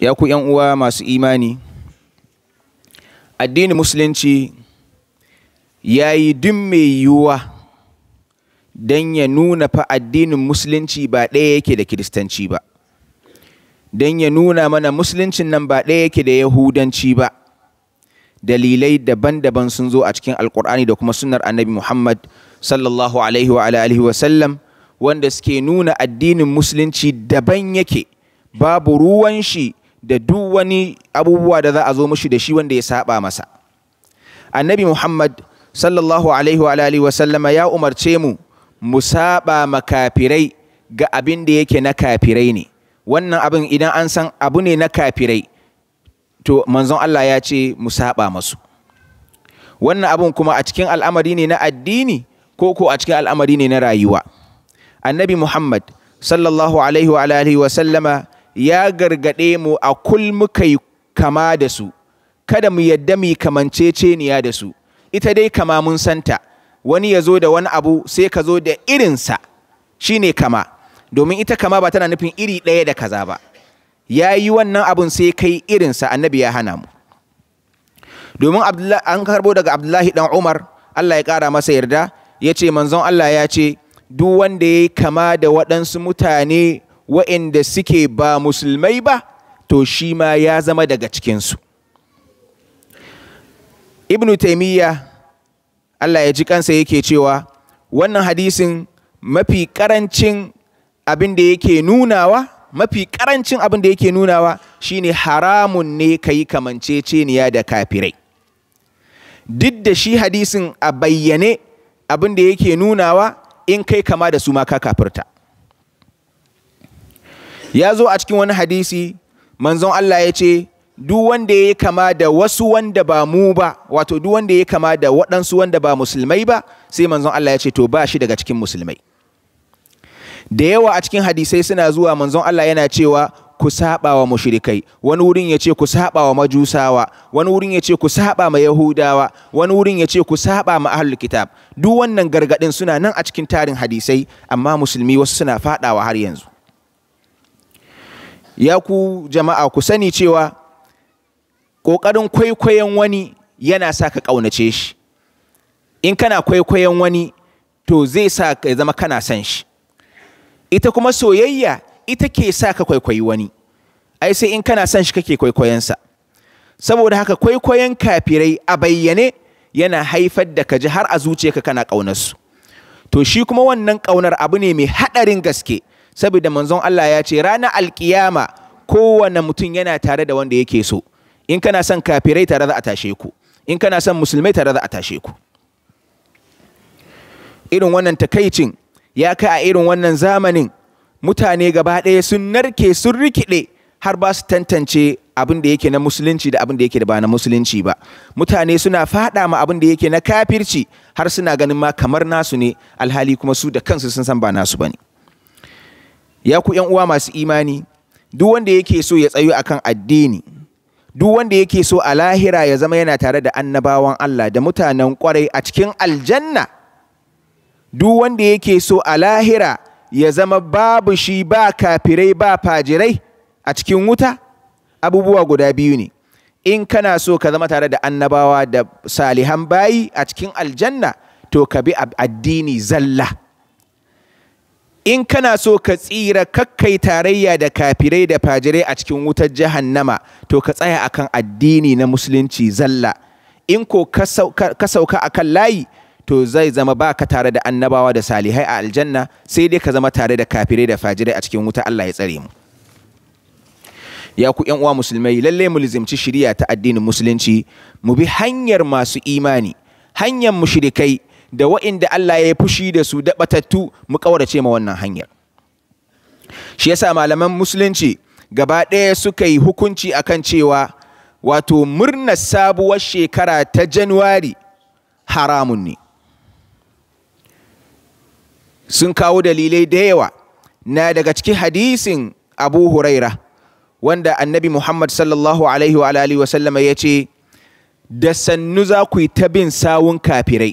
ya ku ‘yan uwa masu imani, addinin Musulunci ya yi duk mai yiwuwa don ya nuna fa addinin Musulunci ba ɗaya yake da Kiristanci ba, don ya nuna mana Musuluncin nan ba ɗaya yake da Yahudanci ba. Dalilai daban-daban sun zo a cikin Alƙur'ani da kuma sunnar annabi Muhammad sallallahu alaihi wa alihi wa sallam wanda suke nuna addinin Musulunci daban yake, babu ruwan shi da duk wani abubuwa da za a zo mushi da shi wanda ya saba masa annabi muhammad sallallahu alaihi wa alihi wasallama ya umarce mu mu saba makafirai ga abin da yake na kafirai ne wannan abin idan an san abu ne na kafirai to manzon Allah ya ce mu saba masu wannan abin kuma a cikin al'amari ne na addini ko ko a cikin al'amari ne na rayuwa annabi muhammad sallallahu alaihi wa alihi wasallama ya gargaɗe mu a kul muka yi kama da su kada mu yadda mu yi kamanceceniya da su ita dai kama mun santa wani ya zo da wani abu sai ka zo da irinsa shine kama domin ita kama ba tana nufin iri ɗaya da kaza ba ya yi wannan abun sai kai irinsa annabi ya hana mu domin an karbo daga abdullahi dan umar allah ya ƙara masa yarda ya ce manzon allah ya ce duk wanda ya yi kama da waɗansu mutane waɗanda suke ba musulmai ba to shi ma ya zama daga cikinsu ibnu taimiyya allah ya ji kansa yake cewa wannan hadisin mafi karancin abin da yake nunawa mafi karancin abin da yake nunawa shine haramun ne ka yi kamanceceniya da kafirai duk da shi hadisin a bayyane abin da yake nunawa in kai kama da su ma ka kafirta ya zo a cikin wani hadisi manzon Allah ya ce duk wanda ya kama da wasu wanda ba mu ba wato duk wanda ya kama da waɗansu wanda ba musulmai ba sai manzon Allah ya ce to ba shi daga cikin musulmai da yawa a cikin hadisai suna zuwa manzon Allah yana cewa ku saba wa mushrikai wani wurin ya ce ku saba wa majusawa wani wurin ya ce ku saba ma yahudawa wani wurin ya ce ku saba ma ahlul kitab duk wannan gargadin suna nan a cikin tarin hadisai amma musulmi wasu suna fadawa har yanzu ya ku jama'a ku sani cewa ƙoƙarin kwaikwayon wani yana sa ka ƙaunace shi in kana kwaikwayon wani to zai sa ka zama kana san shi ita kuma soyayya ita ke sa ka kwaikwayi wani ai sai in kana san shi kake kwaikwayonsa saboda haka kwaikwayon kafirai a bayyane yana haifar da ka ji har a zuciyarka kana ƙaunarsu to shi kuma wannan ƙaunar abu ne mai haɗarin gaske saboda manzon Allah ya ce ranar alkiyama kowane mutum yana tare da wanda yake so in kana son kafirai tare za a tashe ku in kana son musulmai tare za a tashe ku irin wannan takaicin ya kai a irin wannan zamanin mutane gaba ɗaya sun narke sun rikide har ba su tantance abin da yake na musulunci da abin da yake da ba na musulunci ba mutane suna fada ma abin da yake na kafirci har suna ganin ma kamar nasu ne alhali kuma su da kansu sun san ba nasu bane ya ku ‘yan uwa masu imani, duk wanda yake so ya tsayo akan addini, duk wanda yake so a lahira ya zama yana tare da annabawan Allah da mutanen kwarai a cikin aljanna, duk wanda yake so a lahira ya zama babu shi ba kafirai ba fajirai a cikin wuta, abubuwa guda biyu ne. In kana so ka zama tare da annabawa da salihan bayi a cikin aljanna, to ka bi addini zalla. in kana so ka tsira kakkai tarayya da kafirai da fajirai a cikin wutar jahannama to ka tsaya akan addini na musulunci zalla in ko ka sauka akan layi to zai zama ba ka tare da annabawa da salihai a aljanna sai dai ka zama tare da kafirai da fajirai a cikin wuta Allah ya tsare mu ya ku yan uwa musulmai lalle mu lizimci shiriya ta addinin musulunci mu bi hanyar masu imani hanyar mushrikai da wa'inda Allah ya yi fushi da su da batattu mu kaurace ma wannan hanyar shi yasa malaman musulunci gaba ɗaya suka yi hukunci akan cewa wato murna sabuwar shekara ta januwari haramun ne sun kawo dalilai da yawa na daga ciki hadisin abu huraira wanda annabi muhammad sallallahu alaihi wa sallama ya ce da sannu za ku yi ta bin sawun kafirai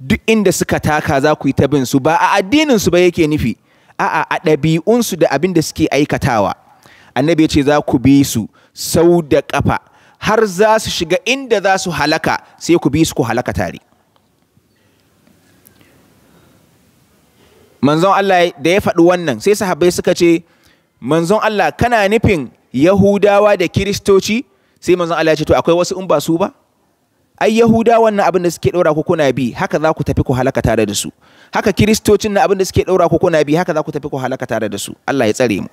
duk inda suka taka za ku yi ta bin su ba a addinin su ba yake nufi a'a a ɗabi'un su da abin da suke aikatawa annabi ya ce za ku bi su sau da ƙafa har za su shiga inda za su halaka sai ku bi su ku halaka tare manzon Allah da ya faɗi wannan sai sahabbai suka ce manzon Allah kana nufin Yahudawa da Kiristoci sai manzon Allah ya ce to akwai wasu in ba su ba ai yahuda wannan abin da suke ɗora ku kuna bi haka za ku tafi ku halaka tare da su haka kiristocin na abin da suke ɗora ku kuna bi haka za ku tafi ku halaka tare da su Allah ya tsare mu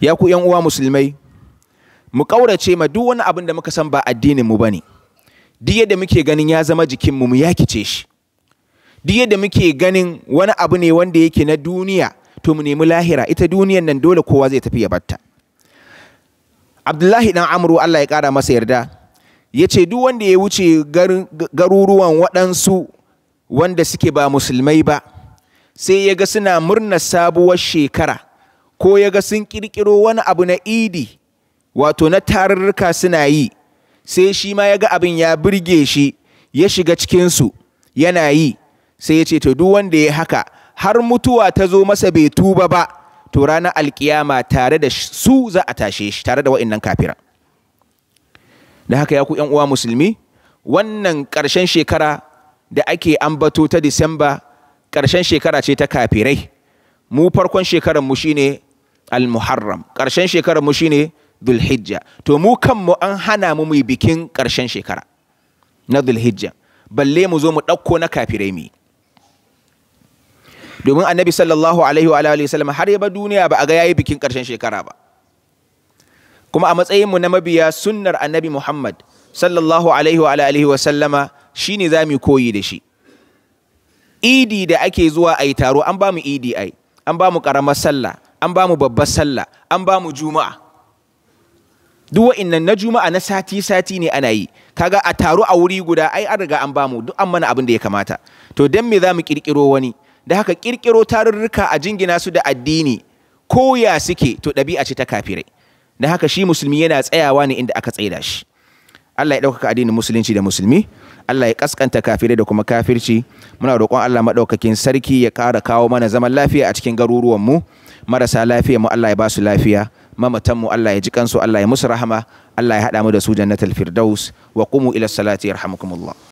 ya ku yan uwa musulmai mu ƙaurace ma duk wani abin da muka san ba addinin mu bane duk yadda muke ganin ya zama jikin mu mu yakice shi duk yadda muke ganin wani abu ne wanda yake na duniya to mu nemi lahira ita duniyan nan dole kowa zai tafi ya batta Abdullahi dan Amru Allah ya kara masa yarda ya ce duk wanda ya wuce garuruwan waɗansu wanda suke ba musulmai ba sai ya ga suna murna sabuwar shekara ko ya ga sun ƙirƙiro wani abu na idi wato na tarurruka suna yi sai shi ma ya ga abin ya birge shi ya shiga cikinsu yana yi sai ya ce to duk wanda ya haka har mutuwa ta zo masa bai tuba ba to ranar alkiyama tare da su za a tashe shi tare da wa'innan kafiran da haka ya ku uwa musulmi wannan ƙarshen shekara da ake ambato ta disamba ƙarshen shekara ce ta kafirai mu farkon shekarar mu shine al-muharram ƙarshen shekarar mu shine dhulhijja to mu kanmu an hana mu mu bikin ƙarshen shekara na dhulhijja balle mu zo mu ɗauko na kafirai mi domin annabi sallallahu alaihi wa alihi wasallam har ya ba duniya ba a ga yayi bikin ƙarshen shekara ba kuma a matsayin mu na mabiya sunnar annabi Muhammad sallallahu alaihi wa alihi wa sallama shine za mu koyi da shi idi da ake zuwa a yi taro an ba mu idi ai an ba mu karamar sallah an ba mu babbar sallah an ba mu juma'a duk wa'innan na juma'a na sati sati ne ana yi kaga a taro a wuri guda ai an riga an ba mu duk an mana abin da ya kamata to dan me za mu kirkiro wani da haka kirkiro tarurruka a jingina su da addini ko ya suke to ɗabi'a ce ta kafirai da haka shi musulmi yana tsayawa ne inda aka tsaida shi Allah ya ɗaukaka addinin musulunci da musulmi Allah ya ƙasƙanta kafirai da kuma kafirci muna roƙon Allah maɗaukakin sarki ya ƙara kawo mana zaman lafiya a cikin garuruwan mu marasa lafiya mu Allah ya basu lafiya Mamatanmu mu Allah ya ji kansu Allah ya musu rahama Allah ya haɗa mu da su jannatul firdaus wa qumu ila salati yarhamukumullah